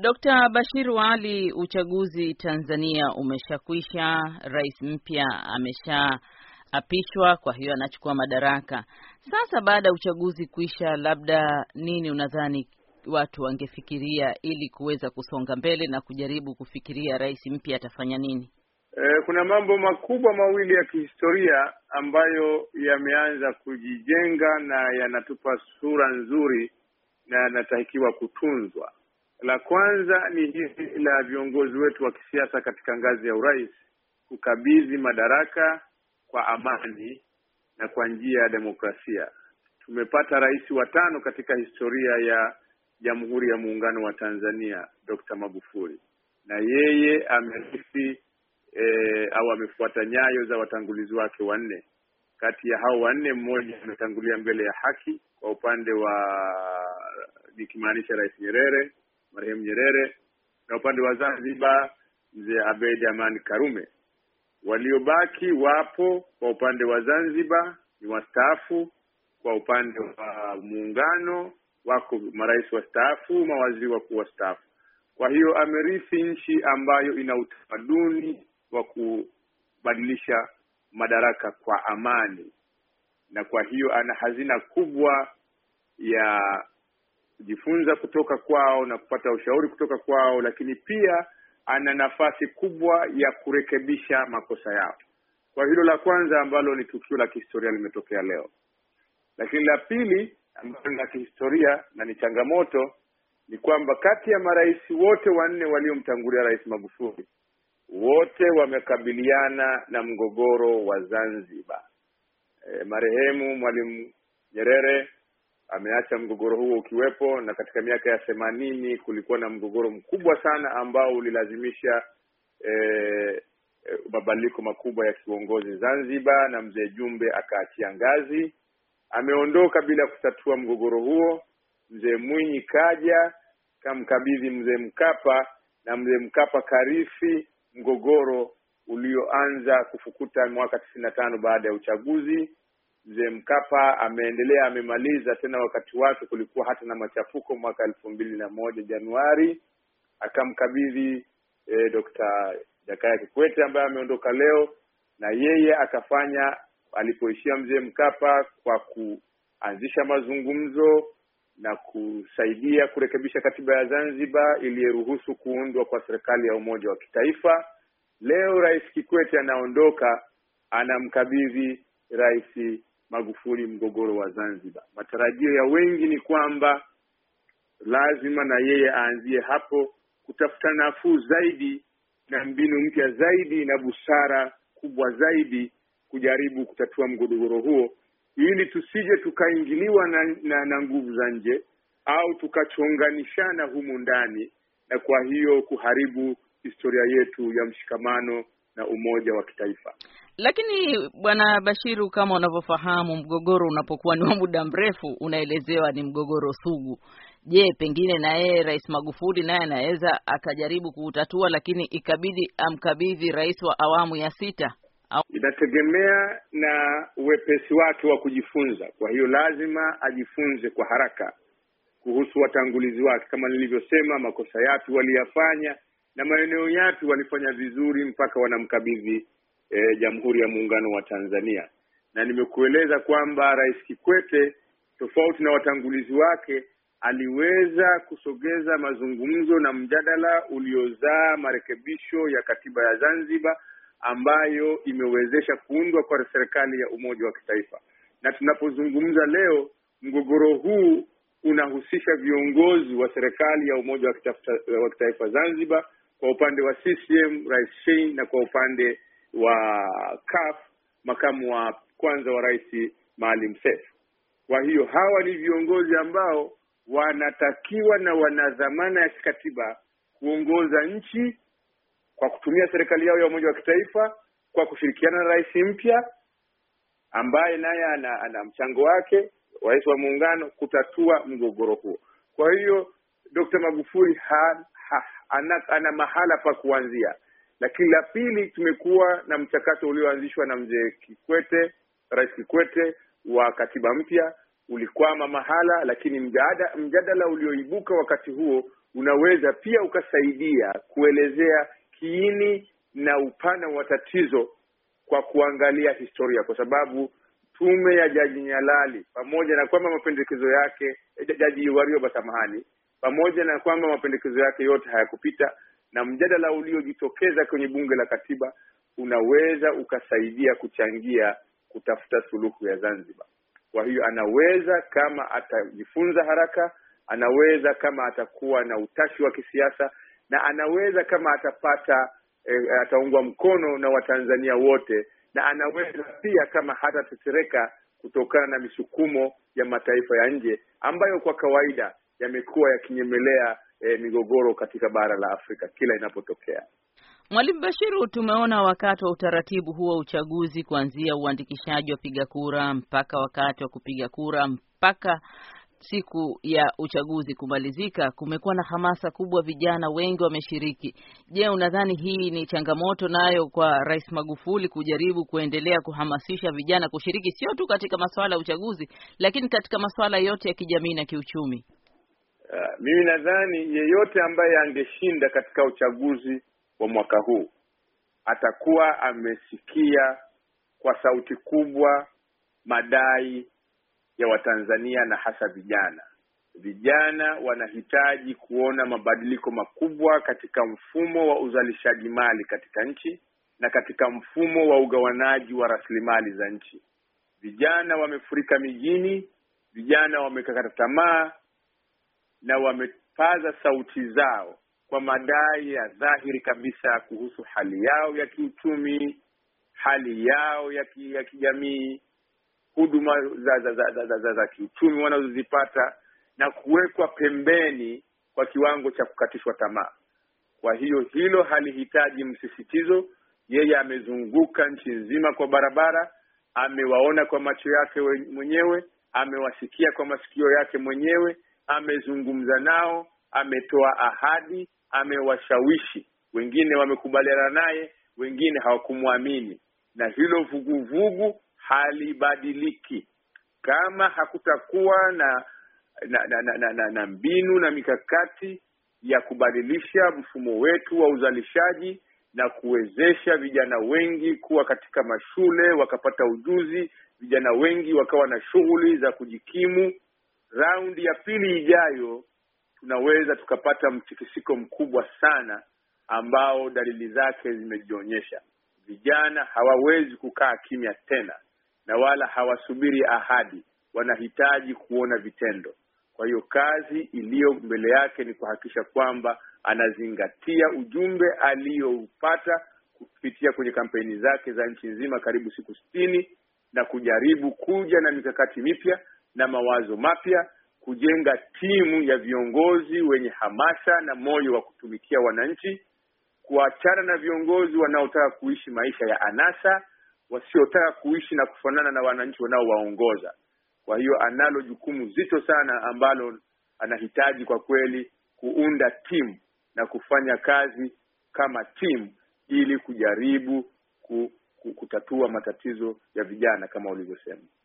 Dr. Bashir Wali, uchaguzi Tanzania umeshakwisha, rais mpya ameshaapishwa, kwa hiyo anachukua madaraka sasa. Baada ya uchaguzi kuisha, labda nini unadhani watu wangefikiria ili kuweza kusonga mbele na kujaribu kufikiria rais mpya atafanya nini? E, kuna mambo makubwa mawili ya kihistoria ambayo yameanza kujijenga na yanatupa sura nzuri na yanatakiwa kutunzwa. La kwanza ni hili la viongozi wetu wa kisiasa katika ngazi ya urais kukabidhi madaraka kwa amani na kwa njia ya demokrasia. Tumepata rais wa tano katika historia ya Jamhuri ya Muungano wa Tanzania, Dr. Magufuli, na yeye amerithi e, eh, au amefuata nyayo za watangulizi wake wanne. Kati ya hao wanne, mmoja ametangulia mbele ya haki kwa upande wa nikimaanisha Rais Nyerere marehemu Nyerere na upande wa Zanzibar mzee Abeid Aman Karume. Waliobaki wapo kwa upande wa Zanzibar ni wastaafu, kwa upande wa muungano wako marais wastaafu, mawaziri wakuu wastaafu. Kwa hiyo amerithi nchi ambayo ina utamaduni wa kubadilisha madaraka kwa amani, na kwa hiyo ana hazina kubwa ya kujifunza kutoka kwao na kupata ushauri kutoka kwao, lakini pia ana nafasi kubwa ya kurekebisha makosa yao. Kwa hilo la kwanza ambalo ni tukio la kihistoria limetokea leo, lakini la pili ambalo ni la kihistoria na ni changamoto ni kwamba kati ya marais wote wanne waliomtangulia Rais Magufuli wote wamekabiliana na mgogoro wa Zanzibar. E, marehemu Mwalimu Nyerere ameacha mgogoro huo ukiwepo, na katika miaka ya themanini kulikuwa na mgogoro mkubwa sana ambao ulilazimisha e, e, mabadiliko makubwa ya kiuongozi Zanzibar, na mzee Jumbe akaachia ngazi. Ameondoka bila kutatua mgogoro huo. Mzee Mwinyi kaja kamkabidhi mzee Mkapa, na mzee Mkapa karifi mgogoro ulioanza kufukuta mwaka tisini na tano baada ya uchaguzi mzee Mkapa ameendelea amemaliza tena, wakati wake kulikuwa hata na machafuko mwaka elfu mbili na moja Januari, akamkabidhi eh, Dr. Jakaya Kikwete ambaye ameondoka leo, na yeye akafanya alipoishia mzee Mkapa kwa kuanzisha mazungumzo na kusaidia kurekebisha katiba ya Zanzibar iliyeruhusu kuundwa kwa serikali ya umoja wa kitaifa. Leo Rais Kikwete anaondoka, anamkabidhi Rais Magufuli mgogoro wa Zanzibar. Matarajio ya wengi ni kwamba lazima na yeye aanzie hapo kutafuta nafuu zaidi na mbinu mpya zaidi na busara kubwa zaidi kujaribu kutatua mgogoro huo, ili tusije tukaingiliwa na, na, na nguvu za nje au tukachonganishana humu ndani, na kwa hiyo kuharibu historia yetu ya mshikamano na umoja wa kitaifa. Lakini Bwana Bashiru, kama unavyofahamu, mgogoro unapokuwa ni wa muda mrefu, unaelezewa ni mgogoro sugu. Je, pengine na yeye Rais Magufuli naye anaweza akajaribu kuutatua, lakini ikabidi amkabidhi rais wa awamu ya sita au... Inategemea na uwepesi wake wa kujifunza. Kwa hiyo lazima ajifunze kwa haraka kuhusu watangulizi wake, kama nilivyosema, makosa yapi waliyafanya na maeneo yatu walifanya vizuri mpaka wanamkabidhi e, Jamhuri ya Muungano wa Tanzania. Na nimekueleza kwamba Rais Kikwete tofauti na watangulizi wake aliweza kusogeza mazungumzo na mjadala uliozaa marekebisho ya katiba ya Zanzibar ambayo imewezesha kuundwa kwa serikali ya umoja wa kitaifa. Na tunapozungumza leo, mgogoro huu unahusisha viongozi wa serikali ya umoja wa kitaifa Zanzibar kwa upande wa CCM Rais Shein na kwa upande wa CUF makamu wa kwanza wa rais Maalim Seif. Kwa hiyo hawa ni viongozi ambao wanatakiwa na wana dhamana ya kikatiba kuongoza nchi kwa kutumia serikali yao ya umoja wa kitaifa kwa kushirikiana na rais mpya ambaye naye ana, ana mchango wake rais wa muungano kutatua mgogoro huo. Kwa hiyo Dr. Magufuli ha, ha, ana, ana mahala pa kuanzia. Lakini la pili, tumekuwa na mchakato ulioanzishwa na mzee Kikwete, Rais Kikwete wa katiba mpya ulikwama mahala, lakini mjadala, mjadala ulioibuka wakati huo unaweza pia ukasaidia kuelezea kiini na upana wa tatizo kwa kuangalia historia, kwa sababu tume ya Jaji Nyalali pamoja na kwamba mapendekezo yake eh, Jaji Warioba, samahani, pamoja na kwamba mapendekezo yake yote hayakupita na mjadala uliojitokeza kwenye bunge la katiba unaweza ukasaidia kuchangia kutafuta suluhu ya Zanzibar. Kwa hiyo anaweza kama atajifunza haraka, anaweza kama atakuwa na utashi wa kisiasa, na anaweza kama atapata e, ataungwa mkono na Watanzania wote, na anaweza pia kama hatatetereka kutokana na misukumo ya mataifa ya nje ambayo kwa kawaida yamekuwa yakinyemelea e, migogoro katika bara la Afrika kila inapotokea. Mwalimu Bashiru, tumeona wakati wa utaratibu huo wa uchaguzi kuanzia uandikishaji wa piga kura mpaka wakati wa kupiga kura mpaka siku ya uchaguzi kumalizika, kumekuwa na hamasa kubwa, vijana wengi wameshiriki. Je, unadhani hii ni changamoto nayo kwa Rais Magufuli kujaribu kuendelea kuhamasisha vijana kushiriki sio tu katika masuala ya uchaguzi, lakini katika masuala yote ya kijamii na kiuchumi? Uh, mimi nadhani yeyote ambaye angeshinda katika uchaguzi wa mwaka huu atakuwa amesikia kwa sauti kubwa madai ya Watanzania na hasa vijana. Vijana wanahitaji kuona mabadiliko makubwa katika mfumo wa uzalishaji mali katika nchi na katika mfumo wa ugawanaji wa rasilimali za nchi. Vijana wamefurika mijini, vijana wamekakata tamaa na wamepaza sauti zao kwa madai ya dhahiri kabisa kuhusu hali yao ya kiuchumi, hali yao ya ki, ya kijamii, huduma za za, za, za, za, za, za kiuchumi wanazozipata na kuwekwa pembeni kwa kiwango cha kukatishwa tamaa. Kwa hiyo hilo halihitaji msisitizo. Yeye amezunguka nchi nzima kwa barabara, amewaona kwa macho yake mwenyewe, amewasikia kwa masikio yake mwenyewe amezungumza nao, ametoa ahadi, amewashawishi. Wengine wamekubaliana naye, wengine hawakumwamini, na hilo vuguvugu halibadiliki kama hakutakuwa na na, na, na, na, na, na mbinu na mikakati ya kubadilisha mfumo wetu wa uzalishaji na kuwezesha vijana wengi kuwa katika mashule wakapata ujuzi, vijana wengi wakawa na shughuli za kujikimu raundi ya pili ijayo tunaweza tukapata mtikisiko mkubwa sana ambao dalili zake zimejionyesha. Vijana hawawezi kukaa kimya tena, na wala hawasubiri ahadi, wanahitaji kuona vitendo. Kwa hiyo kazi iliyo mbele yake ni kuhakikisha kwamba anazingatia ujumbe aliyoupata kupitia kwenye kampeni zake za nchi nzima karibu siku sitini na kujaribu kuja na mikakati mipya na mawazo mapya, kujenga timu ya viongozi wenye hamasa na moyo wa kutumikia wananchi, kuachana na viongozi wanaotaka kuishi maisha ya anasa, wasiotaka kuishi na kufanana na wananchi wanaowaongoza. Kwa hiyo analo jukumu zito sana ambalo anahitaji kwa kweli kuunda timu na kufanya kazi kama timu ili kujaribu kutatua matatizo ya vijana kama ulivyosema.